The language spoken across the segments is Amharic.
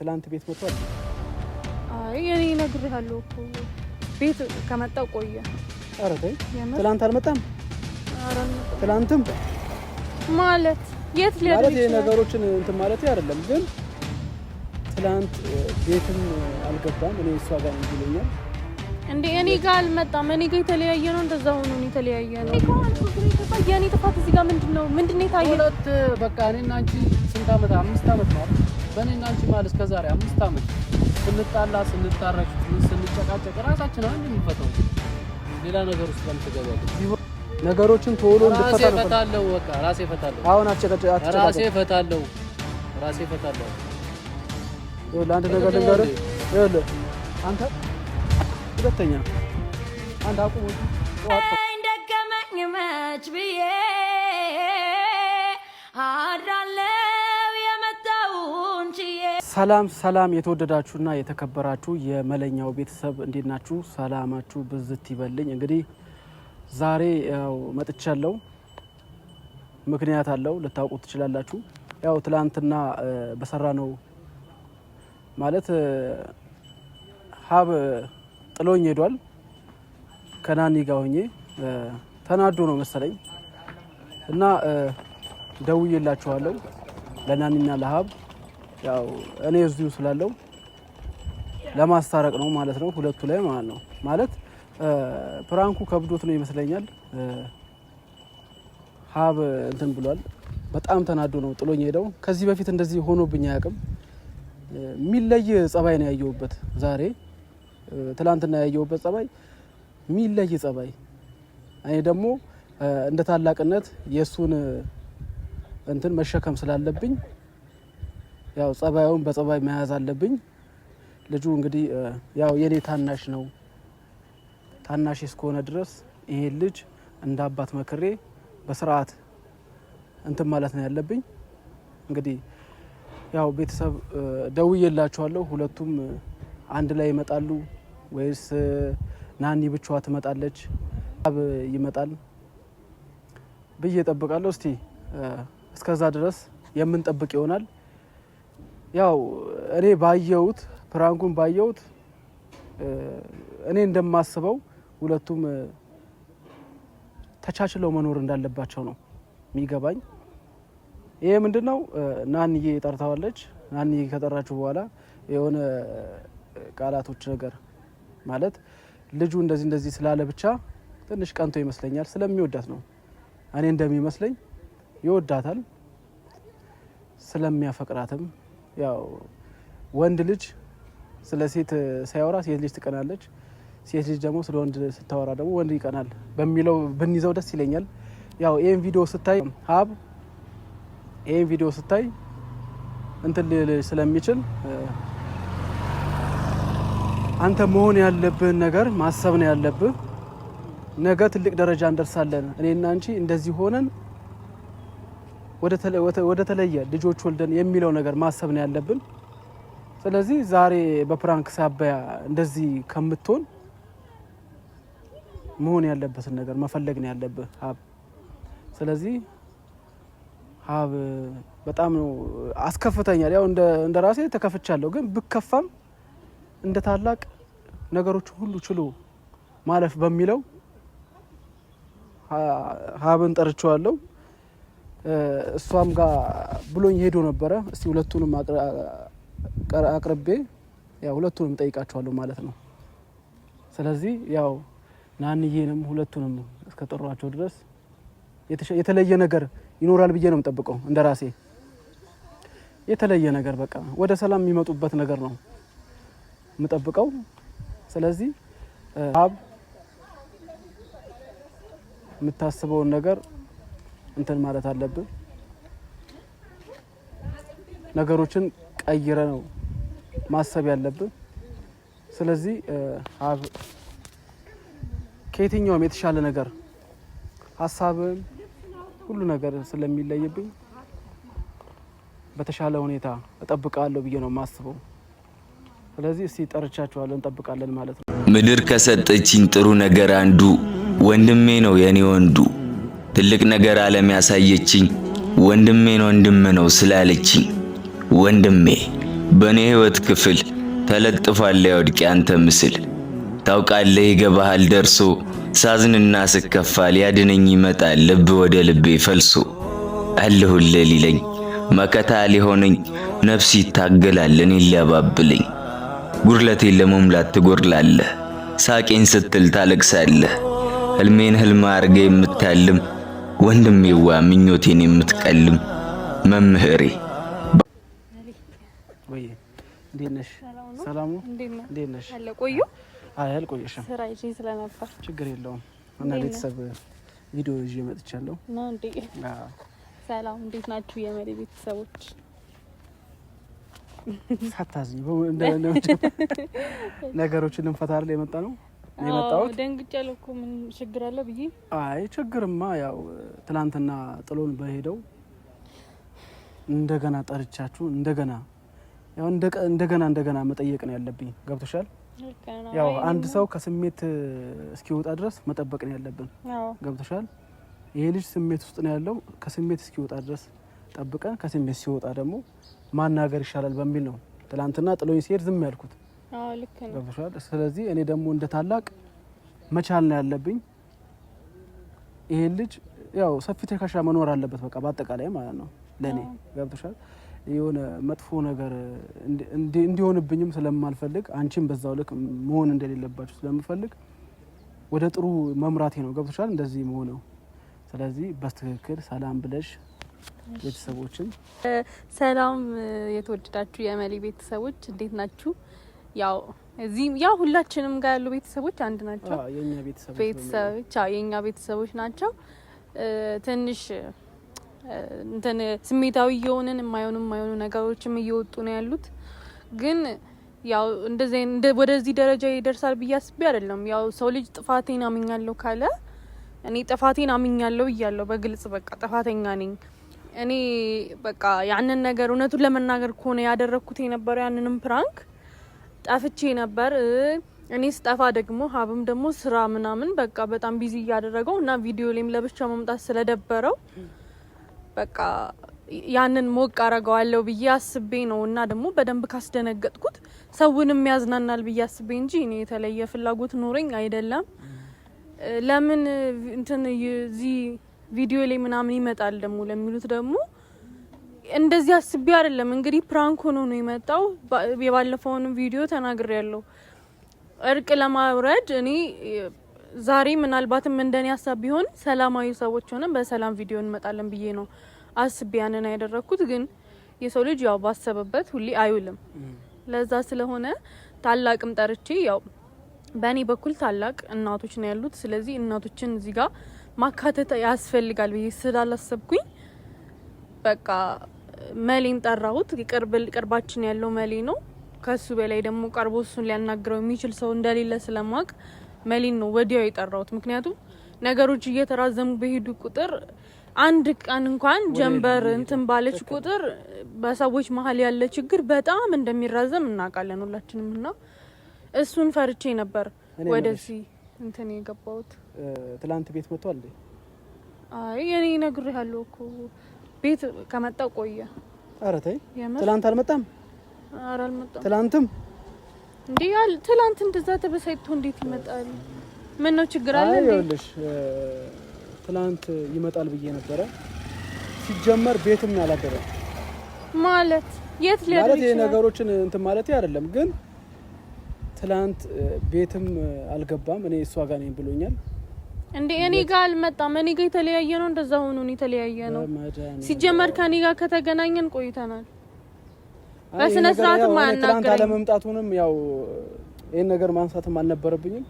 ትላንት ቤት መጥቷል። አይ እኔ እነግርሃለሁ እኮ ቤት ከመጣው ቆየ። ኧረ ተይ፣ ትላንት አልመጣም። ትላንትም ማለት የት ሊያደርግ ማለት ነገሮችን እንትን ማለት አይደለም ግን ትላንት ቤትም አልገባም። እኔ እሷ ጋር እንጂ ይለኛል እንዴ እኔ ጋር አልመጣም። እኔ ጋር የተለያየ ነው። እንደዛ ሆኖ ነው የተለያየ ነው። የእኔ ጥፋት እዚህ ጋር ምንድን ነው? ምንድን ነው የታየው? ሁለት በቃ እኔና አንቺ ስንት ዓመት? አምስት አመት ነው በእኔና አንቺ ማለት እስከ ዛሬ አምስት ዓመት ስንጣላ ስንታረቅ ስንጨቃጨቅ ራሳችን አንድ የሚፈታው ሌላ ነገር ውስጥ ለምትገባለች ነገሮችን ቶሎ እንድፈታ ነው። በቃ ራሴ እፈታለሁ። አሁን አጨቀጨ አትጨቃጨቅ፣ ራሴ እፈታለሁ፣ ራሴ እፈታለሁ። ይኸውልህ አንድ ነገር ልንገርህ። ይኸውልህ አንተ ሁለተኛ አንድ አቁም ደገመኝ መች ብዬ አድራለሁ ሰላም ሰላም የተወደዳችሁና የተከበራችሁ የመለኛው ቤተሰብ እንዴት ናችሁ? ሰላማችሁ ብዝት ይበልኝ። እንግዲህ ዛሬ ያው መጥቻለሁ። ምክንያት አለው ልታውቁት ትችላላችሁ። ያው ትላንትና በሰራ ነው ማለት ሀብ ጥሎኝ ሄዷል። ከናኒ ጋ ሆኜ ተናዶ ነው መሰለኝ እና ደውዬላችኋለሁ ለናኒና ለሀብ ያው እኔ እዚሁ ስላለው ለማስታረቅ ነው ማለት ነው። ሁለቱ ላይ ማለት ነው ማለት ፕራንኩ ከብዶት ነው ይመስለኛል። ሀብ እንትን ብሏል። በጣም ተናዶ ነው ጥሎኝ ሄደው። ከዚህ በፊት እንደዚህ ሆኖብኝ አያውቅም። የሚለይ ጸባይ ነው ያየሁበት ዛሬ። ትላንትና ያየሁበት ጸባይ የሚለይ ጸባይ። እኔ ደግሞ እንደ ታላቅነት የእሱን እንትን መሸከም ስላለብኝ ያው ጸባዩን በጸባይ መያዝ አለብኝ። ልጁ እንግዲህ ያው የኔ ታናሽ ነው። ታናሽ እስከሆነ ድረስ ይሄን ልጅ እንደ አባት መክሬ በስርዓት እንትን ማለት ነው ያለብኝ። እንግዲህ ያው ቤተሰብ ደውዬላችኋለሁ። ሁለቱም አንድ ላይ ይመጣሉ ወይስ ናኒ ብቻዋ ትመጣለች? አብ ይመጣል ብዬ እጠብቃለሁ። እስቲ እስከዛ ድረስ የምንጠብቅ ይሆናል። ያው እኔ ባየሁት ፕራንኩን ባየሁት እኔ እንደማስበው ሁለቱም ተቻችለው መኖር እንዳለባቸው ነው የሚገባኝ። ይሄ ምንድን ነው ናንዬ ጠርታዋለች። ናንዬ ከጠራችሁ በኋላ የሆነ ቃላቶች ነገር ማለት ልጁ እንደዚህ እንደዚህ ስላለ ብቻ ትንሽ ቀንቶ ይመስለኛል። ስለሚወዳት ነው እኔ እንደሚመስለኝ ይወዳታል፣ ስለሚያፈቅራትም ያው ወንድ ልጅ ስለ ሴት ሳያወራ ሴት ልጅ ትቀናለች፣ ሴት ልጅ ደግሞ ስለ ወንድ ስታወራ ደግሞ ወንድ ይቀናል በሚለው ብንይዘው ደስ ይለኛል። ያው ይህን ቪዲዮ ስታይ ሀብ ይህን ቪዲዮ ስታይ እንትን ስለሚችል አንተ መሆን ያለብህን ነገር ማሰብ ነው ያለብህ። ነገ ትልቅ ደረጃ እንደርሳለን እኔና አንቺ እንደዚህ ሆነን ወደ ተለየ ልጆች ወልደን የሚለው ነገር ማሰብ ነው ያለብን። ስለዚህ ዛሬ በፕራንክ ሳቢያ እንደዚህ ከምትሆን መሆን ያለበትን ነገር መፈለግ ነው ያለብህ ሀብ። ስለዚህ ሀብ በጣም ነው አስከፍተኛል። ያው እንደ ራሴ ተከፍቻለሁ፣ ግን ብከፋም እንደ ታላቅ ነገሮች ሁሉ ችሎ ማለፍ በሚለው ሀብን ጠርቼዋለሁ። እሷም ጋር ብሎኝ ሄዶ ነበረ። እስቲ ሁለቱንም አቅርቤ ያው ሁለቱንም ጠይቃቸዋለሁ ማለት ነው። ስለዚህ ያው ናንዬንም ሁለቱንም እስከጠሯቸው ድረስ የተለየ ነገር ይኖራል ብዬ ነው የምጠብቀው። እንደ ራሴ የተለየ ነገር በቃ ወደ ሰላም የሚመጡበት ነገር ነው የምጠብቀው። ስለዚህ ሀብ የምታስበውን ነገር እንትን ማለት አለብን። ነገሮችን ቀይረ ነው ማሰብ ያለብን። ስለዚህ ሀብ ከየትኛውም የተሻለ ነገር ሀሳብም ሁሉ ነገር ስለሚለይብኝ በተሻለ ሁኔታ እጠብቃለሁ ብዬ ነው ማስበው ስለዚህ እስቲ ጠርቻችኋለሁ፣ እንጠብቃለን ማለት ነው። ምድር ከሰጠችኝ ጥሩ ነገር አንዱ ወንድሜ ነው የኔ ወንዱ ትልቅ ነገር ዓለም ያሳየችኝ ወንድሜን ወንድም ነው ስላለችኝ ወንድሜ በእኔ ሕይወት ክፍል ተለጥፏል ያወድቅ ያንተ ምስል ታውቃለህ ይገባሃል ደርሶ ሳዝንና ስከፋ ሊያድነኝ ይመጣል ልብ ወደ ልቤ ፈልሶ አለሁልህ ሊለኝ መከታ ሊሆነኝ ነፍስ ይታገላል እኔን ሊያባብለኝ ጉድለቴን ለመሙላት ትጎድላለህ ሳቄን ስትል ታለቅሳለህ ሕልሜን ሕልም አርገ የምታልም ወንድሜዋ ምኞቴን የምትቀልም መምህሬ ችግር የለውም። እና ቤተሰብ ቪዲዮ ይዤ መጥቻለሁ። ሰላም እንዴት ናችሁ የመሪ ቤተሰቦች? ሳታዝኝ ነገሮችን ልንፈታ አይደል የመጣ ነው የመጣሁት ደንግጫለሁ እኮ ምን ችግር አለ ብዬ። አይ ችግርማ ያው ትናንትና ጥሎን በሄደው እንደገና ጠርቻችሁ እንደገና ያው እንደገና እንደገና መጠየቅ ነው ያለብኝ። ገብቶሻል? ያው አንድ ሰው ከስሜት እስኪወጣ ድረስ መጠበቅ ነው ያለብን። ገብቶሻል? ይሄ ልጅ ስሜት ውስጥ ነው ያለው። ከስሜት እስኪወጣ ድረስ ጠብቀን ከስሜት ሲወጣ ደግሞ ማናገር ይሻላል በሚል ነው ትናንትና ጥሎኝ ሲሄድ ዝም ያልኩት። ስለዚህ እኔ ደግሞ እንደ ታላቅ መቻል ነው ያለብኝ። ይሄ ልጅ ያው ሰፊ ትከሻ መኖር አለበት፣ በቃ በአጠቃላይ ማለት ነው ለእኔ ገብቶሻል። የሆነ መጥፎ ነገር እንዲሆንብኝም ስለማልፈልግ አንቺም በዛው ልክ መሆን እንደሌለባችሁ ስለምፈልግ ወደ ጥሩ መምራቴ ነው ገብቶሻል፣ እንደዚህ መሆነው። ስለዚህ በስትክክል ሰላም ብለሽ ቤተሰቦችን ሰላም። የተወደዳችሁ የመሊ ቤተሰቦች እንዴት ናችሁ? ያው እዚህ ያው ሁላችንም ጋር ያሉ ቤተሰቦች አንድ ናቸው። ቤተሰቦች የኛ ቤተሰቦች ናቸው። ትንሽ እንትን ስሜታዊ እየሆንን የማይሆኑ የማይሆኑ ነገሮችም እየወጡ ነው ያሉት። ግን ያው እንደዚህ ወደዚህ ደረጃ ይደርሳል ብዬ አስቤ አይደለም። ያው ሰው ልጅ ጥፋቴን አምኛለሁ ካለ እኔ ጥፋቴን አምኛለሁ እያለሁ በግልጽ በቃ ጥፋተኛ ነኝ እኔ በቃ ያንን ነገር እውነቱን ለመናገር ከሆነ ያደረግኩት የነበረው ያንንም ፕራንክ ጠፍቼ ነበር። እኔ ስጠፋ ደግሞ ሀብም ደግሞ ስራ ምናምን በቃ በጣም ቢዚ እያደረገው እና ቪዲዮ ላይም ለብቻ መምጣት ስለደበረው በቃ ያንን ሞቅ አረገዋለሁ ብዬ አስቤ ነው እና ደግሞ በደንብ ካስደነገጥኩት ሰውንም ያዝናናል ብዬ አስቤ እንጂ እኔ የተለየ ፍላጎት ኖረኝ አይደለም። ለምን እንትን እዚህ ቪዲዮ ላይ ምናምን ይመጣል ደግሞ ለሚሉት ደግሞ እንደዚህ አስቤ አይደለም። እንግዲህ ፕራንክ ሆኖ ነው የመጣው። የባለፈውን ቪዲዮ ተናግሬ ያለው እርቅ ለማውረድ እኔ ዛሬ ምናልባትም እንደኔ ሀሳብ ቢሆን ሰላማዊ ሰዎች ሆነን በሰላም ቪዲዮ እንመጣለን ብዬ ነው አስቤ ያንን ያደረግኩት። ግን የሰው ልጅ ያው ባሰበበት ሁሌ አይውልም። ለዛ ስለሆነ ታላቅም ጠርቼ ያው በእኔ በኩል ታላቅ እናቶች ነው ያሉት። ስለዚህ እናቶችን እዚህ ጋር ማካተት ያስፈልጋል ብዬ ስላላሰብኩኝ በቃ መሊን ጠራሁት። ቅርባችን ያለው መሌ ነው። ከሱ በላይ ደግሞ ቀርቦ እሱን ሊያናግረው የሚችል ሰው እንደሌለ ስለማወቅ መሊን ነው ወዲያው የጠራሁት። ምክንያቱም ነገሮች እየተራዘሙ በሄዱ ቁጥር አንድ ቀን እንኳን ጀንበር እንትን ባለች ቁጥር በሰዎች መሀል ያለ ችግር በጣም እንደሚራዘም እናውቃለን ሁላችንም። እና እሱን ፈርቼ ነበር ወደዚህ እንትን የገባሁት። ትላንት ቤት መጥቷል። አይ እኔ እነግርሃለሁ እኮ ቤት ከመጣው ቆየ። ኧረ ተይ፣ ትላንት አልመጣም። አረ አልመጣም። ትላንትም እንዴ ያል ትላንት እንደዛ ተበሳይቶ እንዴት ይመጣል? ምን ነው ችግር አለ እንዴ? ይኸውልሽ ትላንት ይመጣል ብዬ ነበረ። ሲጀመር ቤትም ያላደረ ማለት የት ሊያደርግ ማለት ነገሮችን እንትን ማለት አይደለም ግን ትላንት ቤትም አልገባም። እኔ እሷ ጋር ነኝ ብሎኛል። እንዴ እኔ ጋር አልመጣም። እኔ ጋር የተለያየ ነው። እንደዛ ሆኖ የተለያየ ነው። ሲጀመር ከኔ ጋር ከተገናኘን ቆይተናል። በስነ ስርዓት ማናገር አለመምጣቱንም ያው ይሄን ነገር ማንሳትም አልነበረብኝም።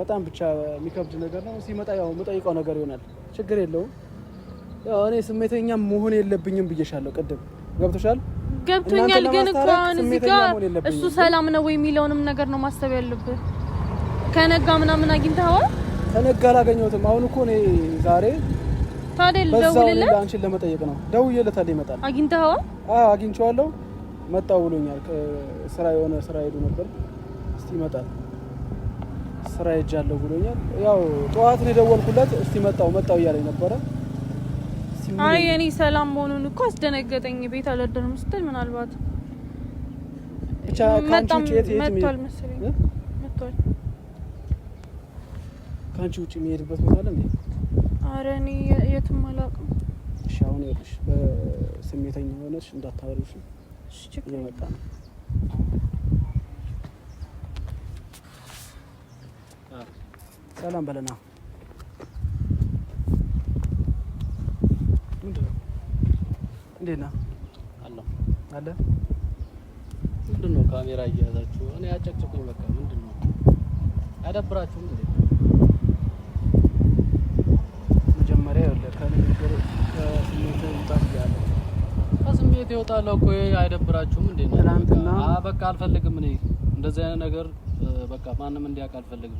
በጣም ብቻ የሚከብድ ነገር ነው። ሲመጣ ያው የምጠይቀው ነገር ይሆናል። ችግር የለውም። ያው እኔ ስሜተኛ መሆን የለብኝም ብዬሻለሁ። ቅድም ገብቶሻል? ገብቶኛል። ግን እኮ አሁን እዚህ ጋር እሱ ሰላም ነው ወይ የሚለውንም ነገር ነው ማሰብ ያለብህ ከነጋ ምናምን አግኝተኸዋል? ከነጋ አላገኘሁትም። አሁን እኮ እኔ ዛሬ ታዲያ ልደውልልህ አንቺን ለመጠየቅ ነው። ደውዬለታለሁ፣ ይመጣል። አግኝተኸዋል? አዎ አግኝቼዋለሁ። መጣ ብሎኛል። ስራ የሆነ ስራ ሄዱ ነበር። እስቲ ይመጣል፣ ስራ ሄጃለሁ ብሎኛል። ያው ጠዋት ነው የደወልኩለት። እስቲ መጣው መጣው እያለኝ ነበረ። አይ የኔ ሰላም መሆኑን እኮ አስደነገጠኝ። ቤት አልወደድም ስትል ምናልባት ብቻ ከአንቺ ውጭ የት የት መጥቷል መሰለኝ መጥቷል ከአንቺ ውጭ የሚሄድበት ቦታ አለ እንዴ? አረ እኔ የትም አላውቅም። እሺ አሁን ይኸውልሽ፣ በስሜተኛ ሆነሽ እንዳታወሪሽ እየመጣ ነው። ሰላም በለና እንዴት ነህ? አለሁ አለ። ምንድን ነው ካሜራ እያያዛችሁ? እኔ አጨቅጭቁኝ በቃ። ምንድን ነው አያዳብራችሁም እንዴ? ከቤት ይወጣለሁ እኮ አይደብራችሁም እንዴ? ትናንትና በቃ አልፈልግም እኔ እንደዚህ አይነት ነገር በቃ ማንም እንዲያውቅ አልፈልግም።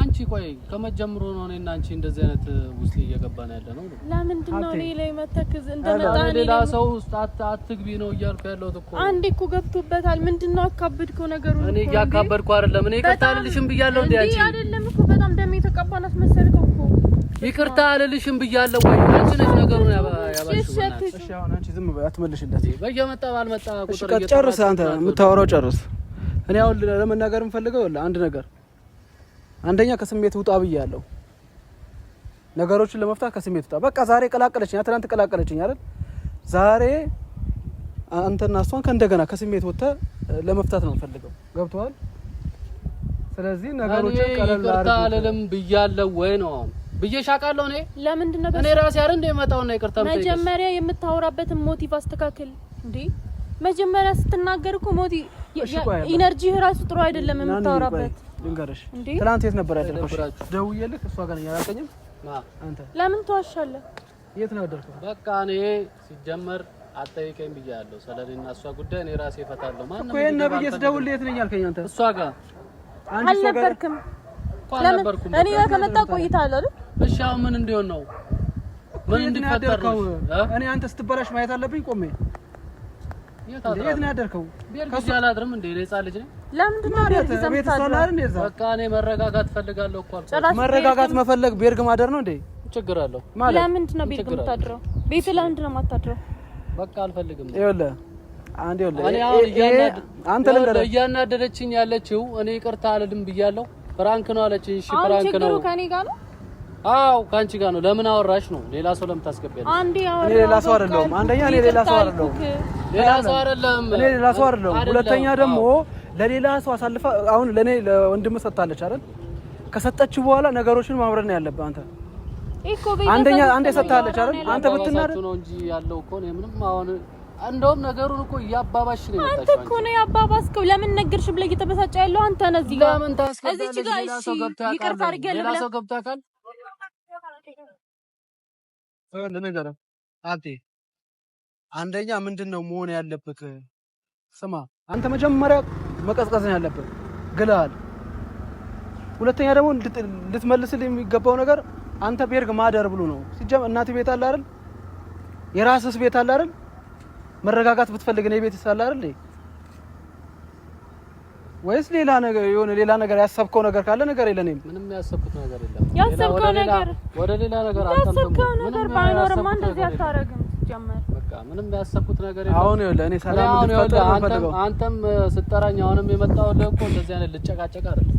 አንቺ ቆይ ከመጀመሩ ነው እኔና አንቺ እንደዚህ አይነት ውስጥ እየገባን ያለ ነው። ለምንድን ነው እኔ ላይ መተክዝ እንደመጣ እኔ ሌላ ሰው ውስጥ አትግቢ ነው እያልኩ ያለሁት እኮ አንዴ እኮ ገብቶበታል። ምንድን ነው አካበድከው ነገሩን። እኔ እያካበድኩ አይደለም። እኔ ይቅርታ አልልሽም ብያለሁ። እንዴ አንቺ አይደለም እኮ በጣም ደሜ የተቀባናት መሰልከው እኮ ይቅርታ አልልሽም ብያለሁ። ወይ አንቺ ነሽ ነገሩን ያባሽ አትመልሽለት። በየመጣ ጨርስ፣ አንተ የምታወራው ጨርስ። እኔ አሁን ለመናገር የምፈልገው አንድ ነገር፣ አንደኛ ከስሜት ውጣ ብያለሁ። ነገሮችን ለመፍታት ከስሜት ውጣ። በቃ ዛሬ ቀላቀለችኝ፣ ትናንት ቀላቀለችኝ አይደል? ዛሬ አንተና እሷን ከእንደገና ከስሜት ወጥተህ ለመፍታት ነው የምፈልገው። ገብቶሃል? ስለዚህ ነገሮችን ቀለል አልልም ብያለሁ ወይ ነው አሁን ብዬሻቃለሁ እኔ ለምንድን ነው እኔ ራሴ አይደል እንደ የመጣውና ይቅርታ መጀመሪያ የምታወራበትን ሞቲቭ አስተካክል እንዴ መጀመሪያ ስትናገር እኮ ሞቲ ኢነርጂ ራሱ ጥሩ አይደለም የምታወራበት ልንገርሽ ትናንት የት ነበር ያደረኩሽ ደውዬልክ እሷ ጋር ያላቀኝም አንተ ለምን ተዋሻለህ የት ነው ያደረኩት በቃ እኔ ሲጀመር አጠይቀኝ ብያለሁ ስለኔና እሷ ጉዳይ እኔ ራሴ እፈታለሁ ማንም እኮ ብዬ ስደውል የት ነኝ ያልከኝ አንተ እሷ ጋር አልነበርክም እኔ ከመጣ ቆይታ አለ አይደል እሺ አሁን ምን እንዲሆን ነው? ምን እንዲፈጠር ነው? እኔ አንተ ስትበላሽ ማየት አለብኝ ቆሜ። የት ነው ያደርከው? ከሱ አላድርም እንዴ? እኔ ህፃን ልጅ ነኝ። ለምንድን ነው በቃ እኔ መረጋጋት ፈልጋለሁ እኮ አልኩ። መረጋጋት መፈለግ ቤርግ ማደር ነው እንዴ? ችግር አለው ማለት ለምንድን ነው ቤርግ የምታድረው? ቤት ለምንድን ነው የማታድረው? በቃ አልፈልግም። ይኸውልህ አንዴ ይኸውልህ፣ አንተ ልንገርህ፣ እያናደደችኝ ያለችው እኔ ይቅርታ አልልም ብያለሁ። ፍራንክ ነው አለችኝ። እሺ ፍራንክ ነው። ችግሩ ከኔ ጋር ነው አው ካንቺ ጋር ነው። ለምን አወራሽ ነው? ሌላ ሰው ለምን ታስገቢያለሽ? አንዴ አወራ። እኔ ሌላ ሰው አይደለሁም። አንደኛ እኔ ሌላ ሰው አይደለሁም። ሌላ ሰው አይደለም። እኔ ሌላ ሰው አይደለሁም። ሁለተኛ ደግሞ ለሌላ ሰው አሳልፋ አሁን ለኔ ለወንድም ሰጥታለች አይደል? ከሰጠች በኋላ ነገሮችን ማብረድ ነው ያለብህ አንተ። አንደኛ አንዴ ሰጥታለች አይደል? አንተ ብትናደድ ነው እንጂ ያለው እኮ ነው ምንም አሁን እንደውም ነገሩን እኮ እያባባሽ ነው የመጣችው። አንተ እኮ ነው ያባባስከው። ለምን ነገርሽ ብለህ እየተበሳጨ ያለው አንተ ነህ። እዚህ ጋር ለምን ታስቀምጣለህ? ሌላ ሰው ገብታ ካል ልንገር አንደኛ ምንድን ነው መሆን ያለበት? ስማ አንተ መጀመሪያ መቀዝቀዝ ነው ያለበት ግልሃል። ሁለተኛ ደግሞ ልትመልስልህ የሚገባው ነገር አንተ ቤርግ ማደር ብሎ ነው ሲጀም እናት ቤት አለ አይደል? የራስስ ቤት አለ አይደል? መረጋጋት ብትፈልግ ነው ቤት ይሳል አይደል? ወይስ ሌላ ነገር የሆነ ሌላ ነገር ያሰብከው ነገር ካለ ነገር የለም። ምንም ያሰብኩት ነገር የለም። ያሰብከው ነገር ወደ ሌላ ነገር ያሰብከው ነገር ባይኖርማ እንደዚህ አታረግም። ጀመር በቃ ምንም ያሰብኩት ነገር የለም። አሁን ይኸውልህ እኔ ሰላም እንድትፈጠር አንተም አንተም ስጠራኝ አሁንም የመጣው እኮ እንደዚህ አይነት ልጨቃጨቅ አይደለም።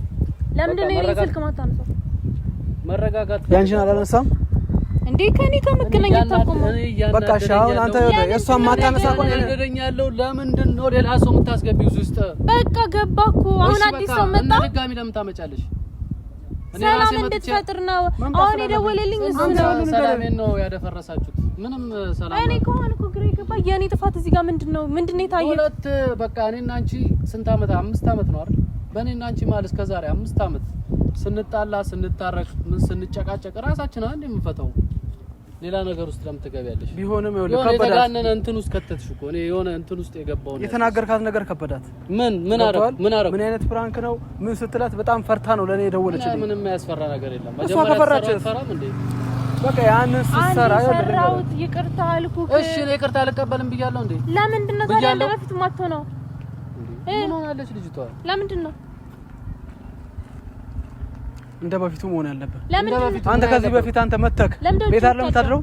ለምንድን ነው የኔ ስልክ ማታነሳው? መረጋጋት ያንቺን አላነሳም እንዴ ከኔ ከመገናኛ ታቆሙ በቃ አሁን አንተ እሷ ማታነሳ ቆን ያለው ለምንድን ነው ሌላ ሰው የምታስገቢው ውስጥ? በቃ ገባ እኮ አሁን አዲስ ሰው መጣ። ድጋሚ ለምን ታመጫለሽ? ሰላም እንድትፈጥር ነው አሁን የደወለልኝ እዚህ ነው። ሰላም ነው ያደፈረሳችሁት። ምንም ሰላም እኔ ከሆነ እኮ ግሬ ገባ። የእኔ ጥፋት እዚህ ጋር ምንድን ነው ምንድን ነው የታየው? ሁለት በቃ እኔና አንቺ ስንት ዓመት አምስት አመት ነው አይደል? በእኔና አንቺ ማለት እስከ ዛሬ አምስት አመት ስንጣላ ስንታረቅ ምን ስንጨቃጨቅ ራሳችን አንድ የምንፈተው ሌላ ነገር ውስጥ ለምትገቢ ያለሽ ቢሆንም ይኸውልህ ከበዳት። የተጋነነ እንትን ውስጥ ከተትሽ እኮ እኔ የሆነ እንትን ውስጥ የገባው ነው። የተናገርካት ነገር ከበዳት። ምን ምን አረግ ምን አረግ ምን አይነት ፕራንክ ነው ምን ስትላት በጣም ፈርታ ነው ለእኔ የደወለች። ምንም የሚያስፈራ ነገር የለም። እሷ ከፈራች ፈራም እንዴ በቃ ያንን ስትሰራ ሰራሁት ይቅርታ አልኩ። እሺ እኔ ይቅርታ አልቀበልም ብያለሁ እንዴ። ለምንድን ነው ታዲያ በፊት ማጥቶ ነው እ ምን ሆናለች ልጅቷ? ለምንድን ነው እንደ በፊቱ መሆን ያለበት። አንተ ከዚህ በፊት አንተ መተክ ቤት አይደለም የምታድረው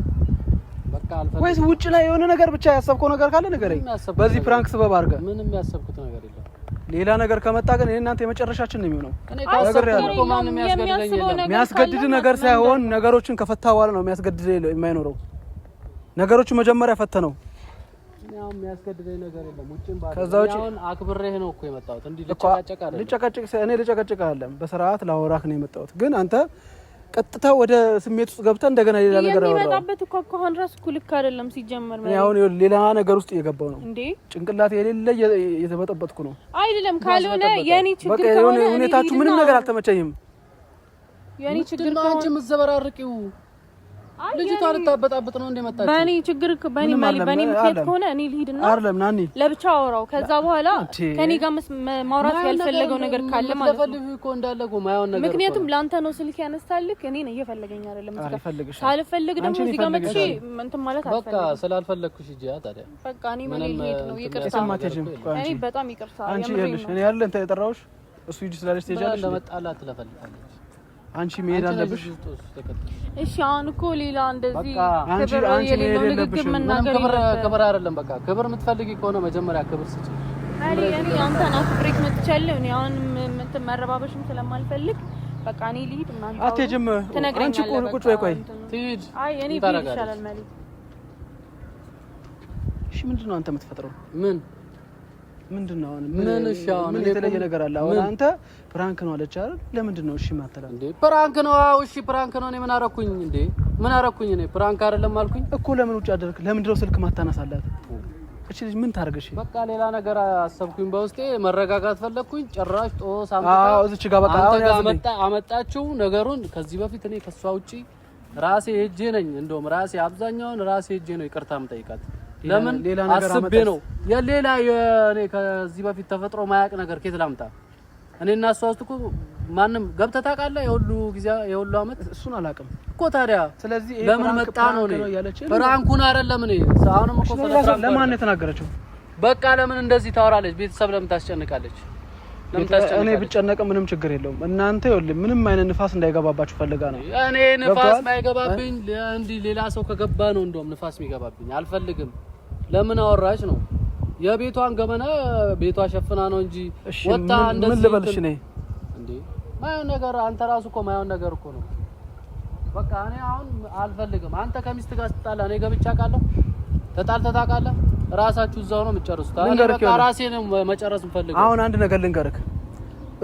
ወይስ ውጭ ላይ የሆነ ነገር ብቻ ያሰብከው ነገር ካለ ንገረኝ። በዚህ ፕራንክ ስበብ አድርገህ ምንም ያሰብኩት ነገር የለም። ሌላ ነገር ከመጣ ግን እናንተ የመጨረሻችን ነው የሚሆነው። የሚያስገድድ ነገር ሳይሆን ነገሮችን ከፈታ በኋላ ነው የሚያስገድድ የማይኖረው ነገሮችን መጀመሪያ ፈተነው። የሚያስገድደኝ ነገር የለም። አክብሬህ ነው እኮ የመጣሁት። ልጨቃጨቅ እኔ ልጨቃጨቅ አይደለም፣ በስርዓት ላወራህ ነው የመጣሁት። ግን አንተ ቀጥታ ወደ ስሜት ውስጥ ገብተህ እንደገና ሌላ ነገር የሚመጣበት እኮ አሁን ራሱ እኮ ልክ አይደለም። ሲጀመር አሁን ሌላ ነገር ውስጥ እየገባሁ ነው እንዴ፣ ጭንቅላት የሌለ እየተበጠበጥኩ ነው። አይደለም ካልሆነ የኔ ችግር ከሆነ ሁኔታችሁ ምንም ነገር አልተመቸኝም። የኔ ችግር ነው አንቺ የምትዘበራርቂው ልጅቷ ልታበጣብጥ ነው እንደመጣች። በእኔ ችግር በእኔ ማሊ በእኔ ምክንያት ከሆነ እኔ ልሂድና አይደለም ናኒ ለብቻ አወራው። ከዛ በኋላ ከኔ ጋር ማውራት ያልፈለገው ነገር ካለ ማለት ነው። ምክንያቱም ላንተ ነው ስልክ ያነሳልክ። እኔ ነው እየፈለገኝ አይደለም። ሳልፈልግ ደግሞ እዚህ ጋር መጥቼ እንትን ማለት አልፈልግም። በቃ ስላልፈለግኩሽ እጂ አታዲያ በቃ እኔ ምን ልሄድ ነው። ይቅርታ እኔ በጣም ይቅርታ። አንቺ ያለሽ እኔ ያለን ተጠራውሽ እሱ ይጅ ስላለሽ ትሄጃለሽ ለመጣላት ትለፈልጋለሽ አንቺ መሄድ አለብሽ። እሺ አሁን እኮ ሌላ እንደዚህ ክብር የሌለው ንግግር መናገር ክብር አይደለም። በቃ ክብር የምትፈልጊ ከሆነ መጀመሪያ ክብር ስጪ። እኔ አንተን አክብሬት መጥቻለሁ። እኔ አሁን መረባበሽም ስለማልፈልግ በቃ እኔ ልሂድ። እናንተ አትሄጂም። አንቺ ቁጭ በይ፣ ቆይ ትሂድ። አይ እኔ ብሄድ ይሻላል። መሌ እሺ ምንድን ነው አንተ የምትፈጥረው ምን ምንድን አሁን? ምን እሺ፣ ምን የተለየ ነገር አለ? አሁን አንተ ፕራንክ ነው አለች አይደል? ለምንድን ነው እሺ ማተላ እንዴ? ፕራንክ ነው። አዎ እሺ፣ ፕራንክ ነው። እኔ ምን አረኩኝ እንዴ? ምን አረኩኝ እኔ? ፕራንክ አይደለም አልኩኝ እኮ። ለምን ውጭ አደረክ? ለምንድን ነው ስልክ ማታነሳላት? እቺ ልጅ ምን ታርገሽ? በቃ ሌላ ነገር አሰብኩኝ በውስጤ መረጋጋት ፈለግኩኝ። ጭራሽ ጦስ አምጣ። አዎ እዚች ጋር በቃ አንተ ጋር አመጣ አመጣችው ነገሩን። ከዚህ በፊት እኔ ከሷ ውጪ ራሴ ሄጄ ነኝ እንደውም ራሴ አብዛኛውን ራሴ ሄጄ ነው ይቅርታ የምጠይቃት ለምን አስቤ ነው የሌላ የኔ ከዚህ በፊት ተፈጥሮ ማያቅ ነገር ከየት ላምጣ? እኔ እና እሷ ውስጥ እኮ ማንም ገብተህ ታውቃለህ? የሁሉ ጊዜ የሁሉ አመት እሱን አላውቅም እኮ ታዲያ። ስለዚህ ለምን መጣ ነው ነው ፍራንኩን አይደለም እኔ አሁንም እኮ ለማን ነው የተናገረችው? በቃ ለምን እንደዚህ ታወራለች? ቤተሰብ ለምን ታስጨንቃለች? እኔ ብጨነቅ ምንም ችግር የለውም። እናንተ ይኸውልህ ምንም አይነት ንፋስ እንዳይገባባችሁ ፈልጋ ነው። እኔ ንፋስ ማይገባብኝ እንዲህ ሌላ ሰው ከገባ ነው እንደውም ንፋስ የሚገባብኝ አልፈልግም። ለምን አወራሽ ነው የቤቷን ገመና ቤቷ ሸፍና ነው እንጂ ወጣ እንደዚህ ምን ልበልሽ ነው እንዴ ማየው ነገር አንተ ራሱ እኮ ማየው ነገር እኮ ነው በቃ እኔ አሁን አልፈልግም አንተ ከሚስት ጋር ስትጣላ እኔ ገብቻ ቃለሁ ተጣልተህ ታውቃለህ ራሳችሁ እዛው ነው የምትጨርሱት በቃ ራሴ ነው መጨረስ የምፈልገው አሁን አንድ ነገር ልንገርህ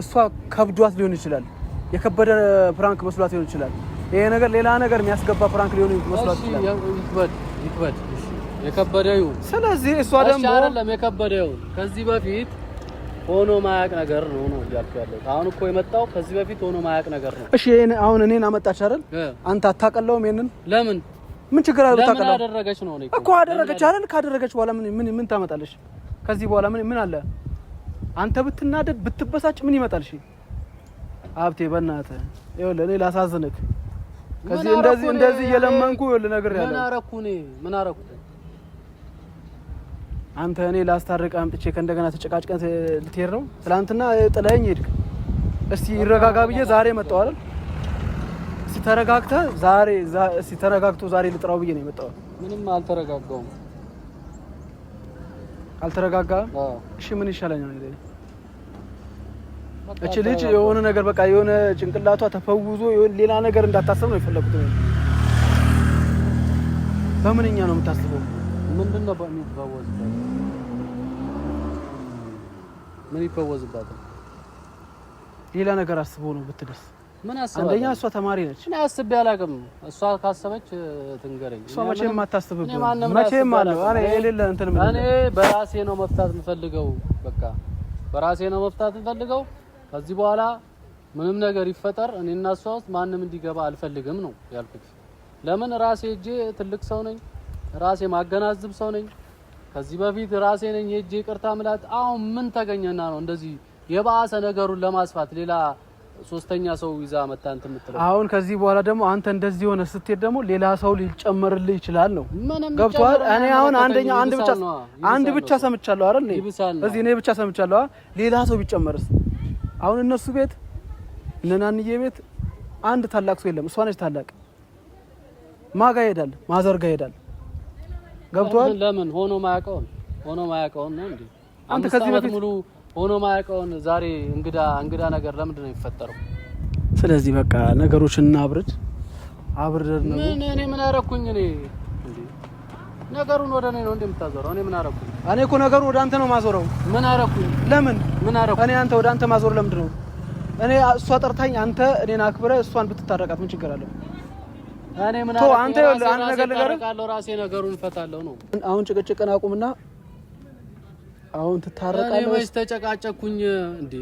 እሷ ከብዷት ሊሆን ይችላል የከበደ ፕራንክ መስሏት ሊሆን ይችላል ይሄ ነገር ሌላ ነገር የሚያስገባ ፕራንክ ሊሆን መስሏት ይችላል ይክበድ ይክበድ የከበደው ስለዚህ እሷ ደግሞ አይደለም የከበደው ከዚህ በፊት ሆኖ ማያቅ ነገር ነው ነው እያልኩ ያለሁት። አሁን እኮ የመጣው ከዚህ በፊት ሆኖ ማያቅ ነገር ነው። እሺ አሁን እኔን አመጣች አይደል? አንተ አታቀለውም ይሄንን ለምን ምን ችግር አለው? ታቀለው ለምን አደረገች ነው እኔ እኮ አደረገች አይደል? ካደረገች በኋላ ምን ምን ምን ታመጣለሽ? ከዚህ በኋላ ምን ምን አለ? አንተ ብትናደድ ብትበሳጭ ምን ይመጣል? እሺ ሀብቴ በእናትህ ይኸውልህ እኔ ላሳዝንህ ከዚህ እንደዚህ እንደዚህ እየለመንኩ ይኸውልህ ነገር ያለው ምን አረኩ ምን አረኩኝ? አንተ እኔ ላስታርቅ አምጥቼ ከእንደገና ተጨቃጭቀን ልትሄድ ነው? ትናንትና ጥለኸኝ ሄድክ። እስቲ ይረጋጋ ብዬ ዛሬ መጣሁ አይደል? እስቲ ዛሬ እስቲ ተረጋግቶ ዛሬ ልጥራው ብዬ ነው የመጣሁት። ምንም አልተረጋጋውም። አልተረጋጋም። እሺ ምን ይሻለኛል? እች ልጅ የሆነ ነገር በቃ የሆነ ጭንቅላቷ ተፈውዞ ሌላ ነገር እንዳታስብ ነው የፈለጉት። በምንኛ ነው የምታስበው? ምንድን ነው የሚፈወዝበት? ምን ይፈወዝበታል? ሌላ ነገር አስቦ ነው ብትደስ። ምን አስባ? አንደኛ እሷ ተማሪ ነች። እኔ አስቤ አላውቅም። እሷ ካሰበች ትንገረኝ። እሷ መቼም አታስብብኝ። መቼም አለው አረ የሌለ እንትን ምን እኔ በራሴ ነው መፍታት የምፈልገው። በቃ በራሴ ነው መፍታት የምፈልገው። ከዚህ በኋላ ምንም ነገር ይፈጠር እኔና እሷ ውስጥ ማንም እንዲገባ አልፈልግም ነው ያልኩት። ለምን ራሴ እጄ ትልቅ ሰው ነኝ። ራሴ ማገናዝብ ሰው ነኝ። ከዚህ በፊት ራሴ ነኝ ሄጄ ይቅርታ ምላት። አሁን ምን ተገኘና ነው እንደዚህ የባሰ ነገሩን ለማስፋት ሌላ ሶስተኛ ሰው ይዛ መጣ እንትን የምትለው? አሁን ከዚህ በኋላ ደግሞ አንተ እንደዚህ ሆነ ስትሄድ ደግሞ ሌላ ሰው ሊጨመርልህ ይችላል ነው ገብቷል። እኔ አሁን አንደኛ አንድ ብቻ አንድ ብቻ ሰምቻለሁ አይደል? እዚህ እኔ ብቻ ሰምቻለሁ። ሌላ ሰው ቢጨመርስ? አሁን እነሱ ቤት እነናንዬ ቤት አንድ ታላቅ ሰው የለም። እሷ ነች ታላቅ። ማጋ ይሄዳል፣ ማዘርጋ ይሄዳል ገብቷል። ለምን ሆኖ ማያውቀውን ሆኖ ማያውቀውን ነው እንዴ? አንተ ከዚህ በፊት ሙሉ ሆኖ ማያውቀውን ዛሬ እንግዳ እንግዳ ነገር ለምንድን ነው የሚፈጠረው? ስለዚህ በቃ ነገሮችን እናብርድ አብርደን ነው። ምን እኔ ምን አደረኩኝ? እኔ ነገሩን ወደ እኔ ነው እንዴ እንደምታዞረው። እኔ ምን አደረኩኝ? እኔ እኮ ነገሩ ወደ አንተ ነው ማዞረው። ምን አደረኩኝ? ለምን ምን አደረኩኝ? እኔ አንተ ወደ አንተ ማዞር ለምንድን ነው? እኔ እሷ ጠርታኝ አንተ እኔን አክብረ እሷን ብትታረቃት ምን ችግር አለው? አንተ አንድ ነገር ልንገርህ፣ ራሴ ነገሩን እፈታለሁ ነው። አሁን ጭቅጭቅን አቁምና አሁን ትታረቃለህ ወይስ ተጨቃጨኩኝ እንዴ?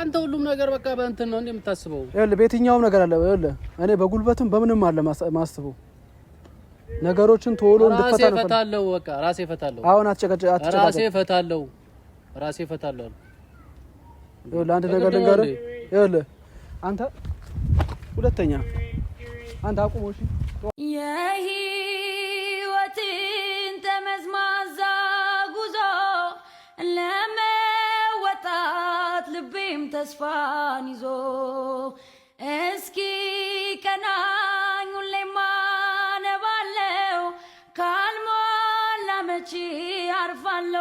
አንተ ሁሉም ነገር በቃ በእንትን ነው እንደምታስበው። ይኸውልህ በየትኛውም ነገር አለ። ይኸውልህ እኔ በጉልበትም በምንም አለ ማስበው ነገሮችን ቶሎ እንድፈታ ነው። እፈታለሁ፣ በቃ ራሴ እፈታለሁ። አሁን አትጨቃጨቅ፣ አትጨቃጨቅ። ራሴ እፈታለሁ፣ ራሴ እፈታለሁ። ይኸውልህ አንድ ነገር ልንገርህ፣ ይኸውልህ አንተ ሁለተኛ አንተ አቁሞ እሺ። የህይወትን ጠመዝማዛ ጉዞ ለመወጣት ልቤም ተስፋን ይዞ እስኪ ቀናኝ ሁሌም አነባለው ካልሞላ መቼ አርፋለሁ